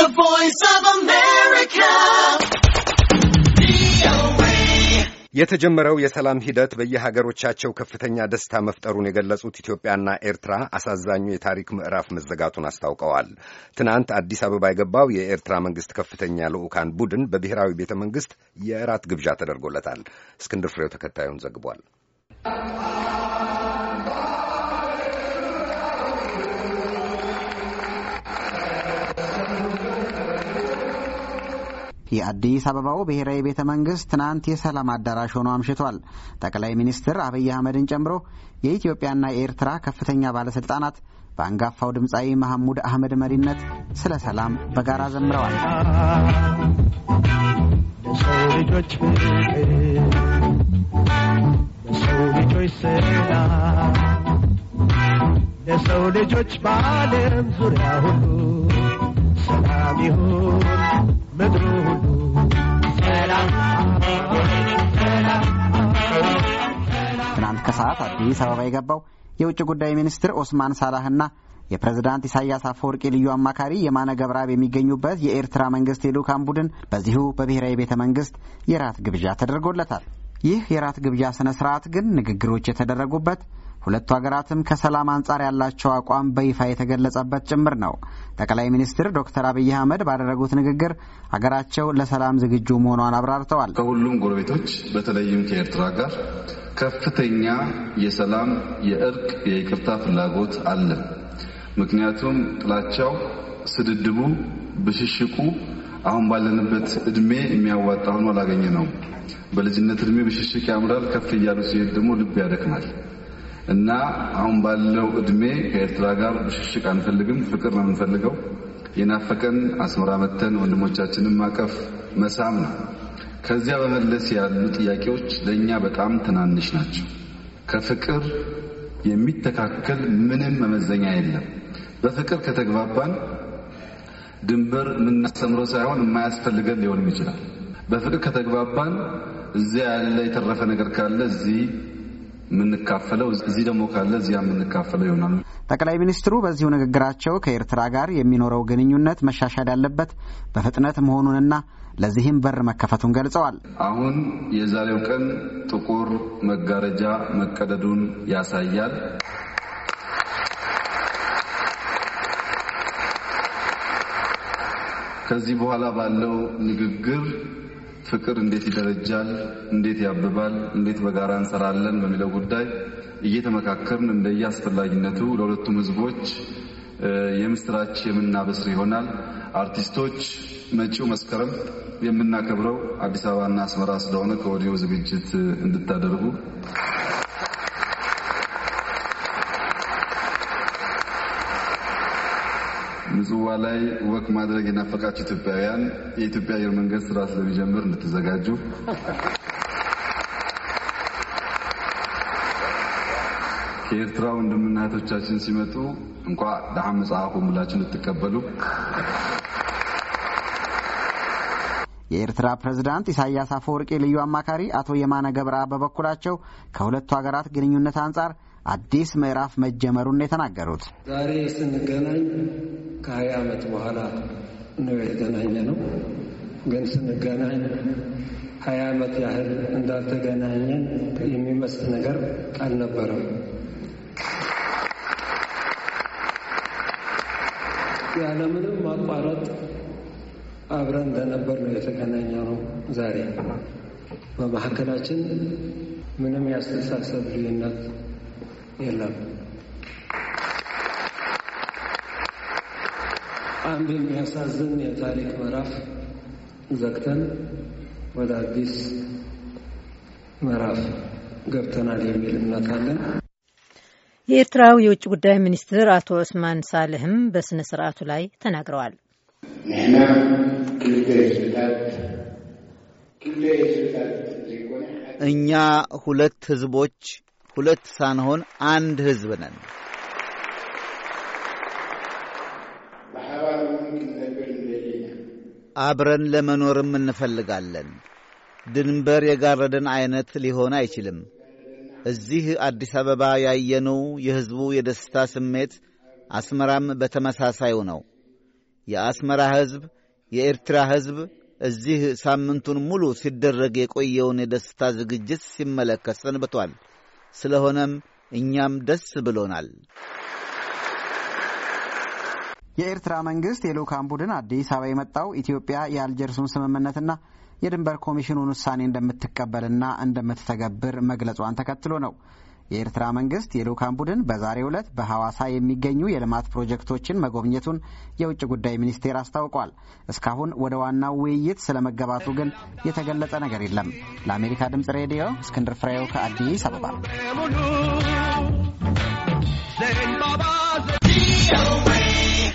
The Voice of America. የተጀመረው የሰላም ሂደት በየሀገሮቻቸው ከፍተኛ ደስታ መፍጠሩን የገለጹት ኢትዮጵያና ኤርትራ አሳዛኙ የታሪክ ምዕራፍ መዘጋቱን አስታውቀዋል። ትናንት አዲስ አበባ የገባው የኤርትራ መንግስት ከፍተኛ ልዑካን ቡድን በብሔራዊ ቤተ መንግስት የእራት ግብዣ ተደርጎለታል። እስክንድር ፍሬው ተከታዩን ዘግቧል። የአዲስ አበባው ብሔራዊ ቤተ መንግስት ትናንት የሰላም አዳራሽ ሆኖ አምሽቷል። ጠቅላይ ሚኒስትር አብይ አህመድን ጨምሮ የኢትዮጵያና የኤርትራ ከፍተኛ ባለስልጣናት በአንጋፋው ድምፃዊ መሐሙድ አህመድ መሪነት ስለ ሰላም በጋራ ዘምረዋል። ለሰው ልጆች ባለም ዙሪያ ሁሉ ሰላም ይሁን ምድሩ ሁሉ ትናንት ከሰዓት አዲስ አበባ የገባው የውጭ ጉዳይ ሚኒስትር ኦስማን ሳላህና የፕሬዝዳንት ኢሳያስ አፈወርቂ ልዩ አማካሪ የማነ ገብረአብ የሚገኙበት የኤርትራ መንግስት የልኡካን ቡድን በዚሁ በብሔራዊ ቤተ መንግስት የራት ግብዣ ተደርጎለታል። ይህ የራት ግብዣ ስነ ስርዓት ግን ንግግሮች የተደረጉበት ሁለቱ ሀገራትም ከሰላም አንጻር ያላቸው አቋም በይፋ የተገለጸበት ጭምር ነው። ጠቅላይ ሚኒስትር ዶክተር አብይ አህመድ ባደረጉት ንግግር ሀገራቸው ለሰላም ዝግጁ መሆኗን አብራርተዋል። ከሁሉም ጎረቤቶች በተለይም ከኤርትራ ጋር ከፍተኛ የሰላም የእርቅ፣ የይቅርታ ፍላጎት አለ። ምክንያቱም ጥላቻው፣ ስድድቡ፣ ብሽሽቁ አሁን ባለንበት እድሜ የሚያዋጣ ሆኖ አላገኘ ነው። በልጅነት እድሜ ብሽሽቅ ያምራል። ከፍ እያሉ ሲሄድ ደግሞ ልብ ያደክማል። እና አሁን ባለው እድሜ ከኤርትራ ጋር ብሽሽቅ አንፈልግም፣ ፍቅር ነው የምንፈልገው። የናፈቀን አስመራ መተን ወንድሞቻችንን ማቀፍ መሳም ነው። ከዚያ በመለስ ያሉ ጥያቄዎች ለእኛ በጣም ትናንሽ ናቸው። ከፍቅር የሚተካከል ምንም መመዘኛ የለም። በፍቅር ከተግባባን ድንበር የምናስተምረው ሳይሆን የማያስፈልገን ሊሆንም ይችላል። በፍቅር ከተግባባን እዚያ ያለ የተረፈ ነገር ካለ እዚህ የምንካፈለው እዚህ ደግሞ ካለ እዚያ የምንካፈለው ይሆናል። ጠቅላይ ሚኒስትሩ በዚሁ ንግግራቸው ከኤርትራ ጋር የሚኖረው ግንኙነት መሻሻል ያለበት በፍጥነት መሆኑንና ለዚህም በር መከፈቱን ገልጸዋል። አሁን የዛሬው ቀን ጥቁር መጋረጃ መቀደዱን ያሳያል። ከዚህ በኋላ ባለው ንግግር ፍቅር እንዴት ይደረጃል፣ እንዴት ያብባል፣ እንዴት በጋራ እንሰራለን በሚለው ጉዳይ እየተመካከርን እንደየ አስፈላጊነቱ ለሁለቱም ህዝቦች የምስራች የምናበስር ይሆናል። አርቲስቶች መጪው መስከረም የምናከብረው አዲስ አበባና አስመራ ስለሆነ ከወዲሁ ዝግጅት እንድታደርጉ ምጽዋ ላይ ወቅ ማድረግ የናፈቃችሁ ኢትዮጵያውያን የኢትዮጵያ አየር መንገድ ስራ ስለሚጀምር እንድትዘጋጁ ከኤርትራ ወንድምና እህቶቻችን ሲመጡ እንኳ ደዓ መጽሐፉን ሁላችን ልትቀበሉ። የኤርትራ ፕሬዝዳንት ኢሳያስ አፈወርቂ ልዩ አማካሪ አቶ የማነ ገብረአብ በበኩላቸው ከሁለቱ ሀገራት ግንኙነት አንጻር አዲስ ምዕራፍ መጀመሩን የተናገሩት ዛሬ ስንገናኝ ከሀያ ዓመት በኋላ ነው የተገናኘ ነው። ግን ስንገናኝ ሀያ ዓመት ያህል እንዳልተገናኘን የሚመስል ነገር አልነበረም። ያለምንም ማቋረጥ አብረን እንደነበር ነው የተገናኘ ነው። ዛሬ በመካከላችን ምንም ያስተሳሰብ ልዩነት የለም። አንድ የሚያሳዝን የታሪክ ምዕራፍ ዘግተን ወደ አዲስ ምዕራፍ ገብተናል የሚል እምነት አለን። የኤርትራው የውጭ ጉዳይ ሚኒስትር አቶ ዑስማን ሳልህም በሥነ ሥርዓቱ ላይ ተናግረዋል። ንሕና ክልተ ህዝብታት እኛ ሁለት ህዝቦች ሁለት ሳንሆን አንድ ህዝብ ነን። አብረን ለመኖርም እንፈልጋለን። ድንበር የጋረደን ዐይነት ሊሆን አይችልም። እዚህ አዲስ አበባ ያየነው የሕዝቡ የደስታ ስሜት አስመራም በተመሳሳዩ ነው። የአስመራ ሕዝብ፣ የኤርትራ ሕዝብ እዚህ ሳምንቱን ሙሉ ሲደረግ የቆየውን የደስታ ዝግጅት ሲመለከት ሰንብቷል። ስለሆነም እኛም ደስ ብሎናል። የኤርትራ መንግስት የልኡካን ቡድን አዲስ አበባ የመጣው ኢትዮጵያ የአልጀርሱን ስምምነትና የድንበር ኮሚሽኑን ውሳኔ እንደምትቀበልና እንደምትተገብር መግለጿን ተከትሎ ነው። የኤርትራ መንግስት የልኡካን ቡድን በዛሬ ዕለት በሐዋሳ የሚገኙ የልማት ፕሮጀክቶችን መጎብኘቱን የውጭ ጉዳይ ሚኒስቴር አስታውቋል። እስካሁን ወደ ዋናው ውይይት ስለ መገባቱ ግን የተገለጸ ነገር የለም። ለአሜሪካ ድምፅ ሬዲዮ እስክንድር ፍሬው ከአዲስ አበባ